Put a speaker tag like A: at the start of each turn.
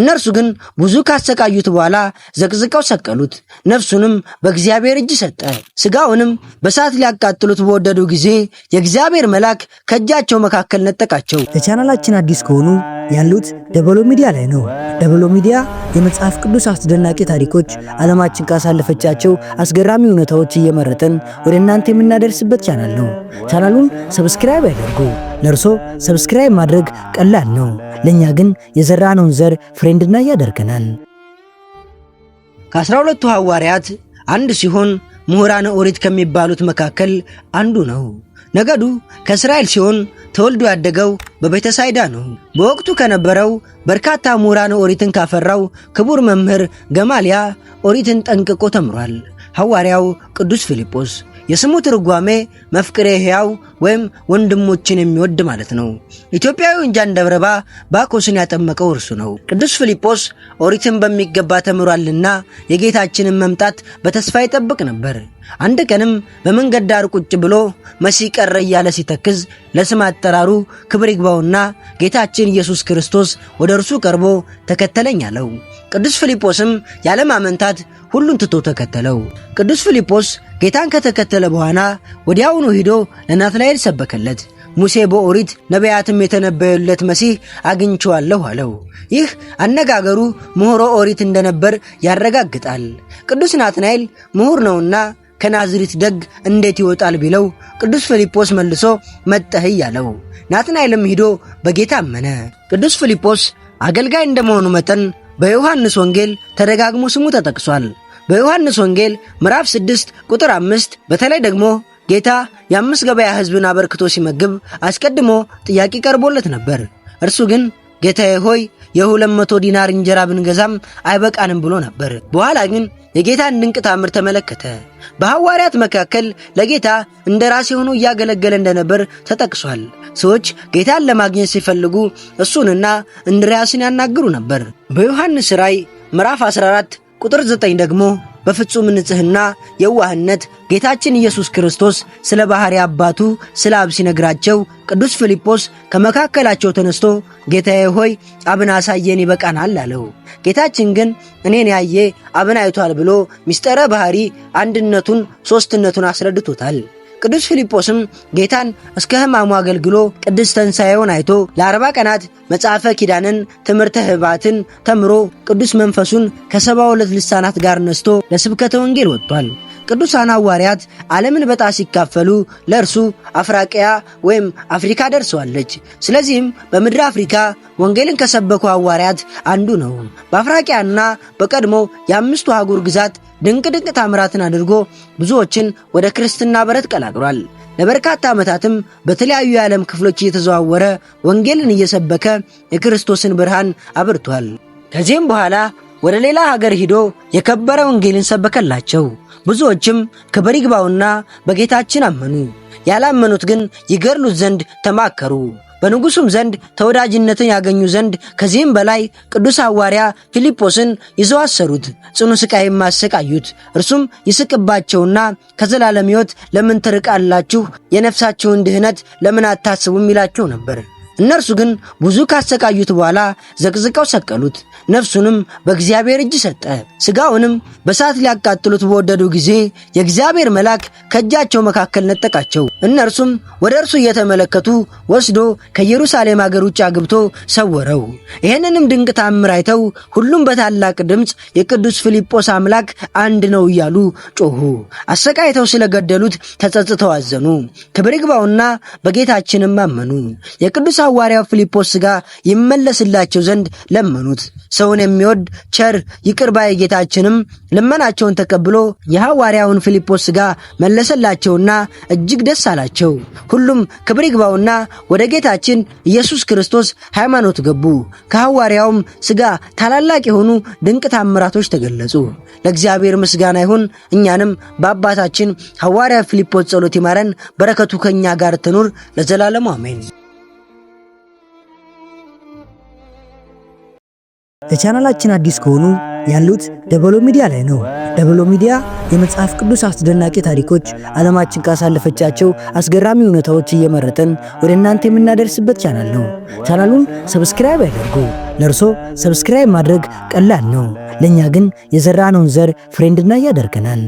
A: እነርሱ ግን ብዙ ካሰቃዩት በኋላ ዘቅዝቀው ሰቀሉት። ነፍሱንም በእግዚአብሔር እጅ ሰጠ። ሥጋውንም በእሳት ሊያቃጥሉት በወደዱ ጊዜ የእግዚአብሔር መልአክ ከእጃቸው መካከል ነጠቃቸው።
B: ለቻናላችን አዲስ ከሆኑ ያሉት ደበሎ ሚዲያ ላይ ነው። ደበሎ ሚዲያ የመጽሐፍ ቅዱስ አስደናቂ ታሪኮች ዓለማችን ካሳለፈቻቸው አስገራሚ እውነታዎች እየመረጥን ወደ እናንተ የምናደርስበት ቻናል ነው። ቻናሉን ሰብስክራይብ ያደርጉ። ለእርሶ ሰብስክራይብ ማድረግ ቀላል ነው፣ ለእኛ ግን የዘራነውን ዘር ፍሬ እንድናይ ያደርገናል።
A: ከአስራ ሁለቱ ሐዋርያት አንድ ሲሆን ምሁራነ ኦሪት ከሚባሉት መካከል አንዱ ነው። ነገዱ ከእስራኤል ሲሆን ተወልዶ ያደገው በቤተሳይዳ ነው። በወቅቱ ከነበረው በርካታ ምሁራነ ኦሪትን ካፈራው ክቡር መምህር ገማልያ ኦሪትን ጠንቅቆ ተምሯል። ሐዋርያው ቅዱስ ፊልጶስ የስሙ ትርጓሜ መፍቅሬ ሕያው ወይም ወንድሞችን የሚወድ ማለት ነው። ኢትዮጵያዊውን ጃንደረባ ባኮስን ያጠመቀው እርሱ ነው። ቅዱስ ፊልጶስ ኦሪትን በሚገባ ተምሯልና የጌታችንን መምጣት በተስፋ ይጠብቅ ነበር። አንድ ቀንም በመንገድ ዳር ቁጭ ብሎ መሲህ ቀረ እያለ ሲተክዝ ለስም አጠራሩ ክብር ይግባውና ጌታችን ኢየሱስ ክርስቶስ ወደ እርሱ ቀርቦ ተከተለኝ አለው። ቅዱስ ፊልጶስም ያለማመንታት ሁሉን ትቶ ተከተለው። ቅዱስ ፊልጶስ ጌታን ከተከተለ በኋላ ወዲያውኑ ሂዶ ለናትናኤል እግዚአብሔር ሰበከለት። ሙሴ በኦሪት ነቢያትም የተነበዩለት መሲህ አግኝቸዋለሁ አለው። ይህ አነጋገሩ ምሁሮ ኦሪት እንደነበር ያረጋግጣል። ቅዱስ ናትናኤል ምሁር ነውና ከናዝሪት ደግ እንዴት ይወጣል ቢለው ቅዱስ ፊልጶስ መልሶ መጠህይ አለው። ናትናኤልም ሂዶ በጌታ አመነ። ቅዱስ ፊልጶስ አገልጋይ እንደመሆኑ መጠን በዮሐንስ ወንጌል ተደጋግሞ ስሙ ተጠቅሷል። በዮሐንስ ወንጌል ምዕራፍ 6 ቁጥር 5 በተለይ ደግሞ ጌታ የአምስት ገበያ ሕዝብን አበርክቶ ሲመግብ አስቀድሞ ጥያቄ ቀርቦለት ነበር። እርሱ ግን ጌታዬ ሆይ የሁለት መቶ ዲናር እንጀራ ብንገዛም አይበቃንም ብሎ ነበር። በኋላ ግን የጌታን ድንቅ ታምር ተመለከተ። በሐዋርያት መካከል ለጌታ እንደ ራሴ ሆኖ እያገለገለ እንደነበር ተጠቅሷል። ሰዎች ጌታን ለማግኘት ሲፈልጉ እሱንና እንድርያስን ያናግሩ ነበር። በዮሐንስ ራእይ ምዕራፍ 14 ቁጥር 9 ደግሞ በፍጹም ንጽህና የዋህነት ጌታችን ኢየሱስ ክርስቶስ ስለ ባሕሪ አባቱ ስለ አብ ሲነግራቸው ቅዱስ ፊልጶስ ከመካከላቸው ተነስቶ ጌታዬ ሆይ አብን አሳየን ይበቃናል አለው። ጌታችን ግን እኔን ያየ አብን አይቷል ብሎ ምስጢረ ባሕሪ አንድነቱን ሦስትነቱን አስረድቶታል። ቅዱስ ፊልጶስም ጌታን እስከ ሕማሙ አገልግሎ ቅድስ ትንሣኤውን አይቶ ለአርባ ቀናት መጽሐፈ ኪዳንን ትምህርተ ህባትን ተምሮ ቅዱስ መንፈሱን ከሰባ ሁለት ልሳናት ጋር ነስቶ ለስብከተ ወንጌል ወጥቷል። ቅዱሳን ሐዋርያት ዓለምን በጣ ሲካፈሉ ለእርሱ አፍራቅያ ወይም አፍሪካ ደርሰዋለች። ስለዚህም በምድረ አፍሪካ ወንጌልን ከሰበኩ ሐዋርያት አንዱ ነው። በአፍራቅያና በቀድሞ የአምስቱ አህጉር ግዛት ድንቅ ድንቅ ታምራትን አድርጎ ብዙዎችን ወደ ክርስትና በረት ቀላቅሏል። ለበርካታ ዓመታትም በተለያዩ የዓለም ክፍሎች እየተዘዋወረ ወንጌልን እየሰበከ የክርስቶስን ብርሃን አብርቷል። ከዚህም በኋላ ወደ ሌላ ሀገር ሂዶ የከበረ ወንጌልን ሰበከላቸው። ብዙዎችም ክብር ይግባውና በጌታችን አመኑ። ያላመኑት ግን ይገድሉት ዘንድ ተማከሩ። በንጉሡም ዘንድ ተወዳጅነትን ያገኙ ዘንድ ከዚህም በላይ ቅዱስ ሐዋርያ ፊልጶስን ይዘው አሰሩት። ጽኑ ሥቃይም አሰቃዩት። እርሱም ይስቅባቸውና ከዘላለም ሕይወት ለምን ትርቃላችሁ? የነፍሳችሁን ድኅነት ለምን አታስቡም? ይላቸው ነበር። እነርሱ ግን ብዙ ካሰቃዩት በኋላ ዘቅዝቀው ሰቀሉት። ነፍሱንም በእግዚአብሔር እጅ ሰጠ። ሥጋውንም በእሳት ሊያቃጥሉት በወደዱ ጊዜ የእግዚአብሔር መልአክ ከእጃቸው መካከል ነጠቃቸው። እነርሱም ወደ እርሱ እየተመለከቱ ወስዶ ከኢየሩሳሌም አገር ውጭ አግብቶ ሰወረው። ይህንንም ድንቅ ታምር አይተው ሁሉም በታላቅ ድምፅ የቅዱስ ፊልጶስ አምላክ አንድ ነው እያሉ ጮኹ። አሰቃይተው ስለገደሉት ተጸጽተው አዘኑ። ክብር ይግባውና በጌታችንም አመኑ። የቅዱስ ሐዋርያው ፊልጶስ ጋር ይመለስላቸው ዘንድ ለመኑት። ሰውን የሚወድ ቸር ይቅር ባይ ጌታችንም ልመናቸውን ተቀብሎ የሐዋርያውን ፊልጶስ ጋር መለሰላቸውና እጅግ ደስ አላቸው። ሁሉም ክብር ይግባውና ወደ ጌታችን ኢየሱስ ክርስቶስ ሃይማኖት ገቡ። ከሐዋርያውም ሥጋ ታላላቅ የሆኑ ድንቅ ታምራቶች ተገለጹ። ለእግዚአብሔር ምስጋና ይሁን። እኛንም በአባታችን ሐዋርያ ፊልጶስ ጸሎት ይማረን፣ በረከቱ ከእኛ ጋር ትኑር ለዘላለሙ አሜን።
B: ለቻናላችን አዲስ ከሆኑ ያሉት ደበሎ ሚዲያ ላይ ነው። ደበሎ ሚዲያ የመጽሐፍ ቅዱስ አስደናቂ ታሪኮች ዓለማችን ካሳለፈቻቸው አስገራሚ እውነታዎች እየመረጠን ወደ እናንተ የምናደርስበት ቻናል ነው። ቻናሉን ሰብስክራይብ ያደርጉ። ለእርሶ ሰብስክራይብ ማድረግ ቀላል ነው፣ ለእኛ ግን የዘራነውን ዘር ፍሬንድና ያደርገናል።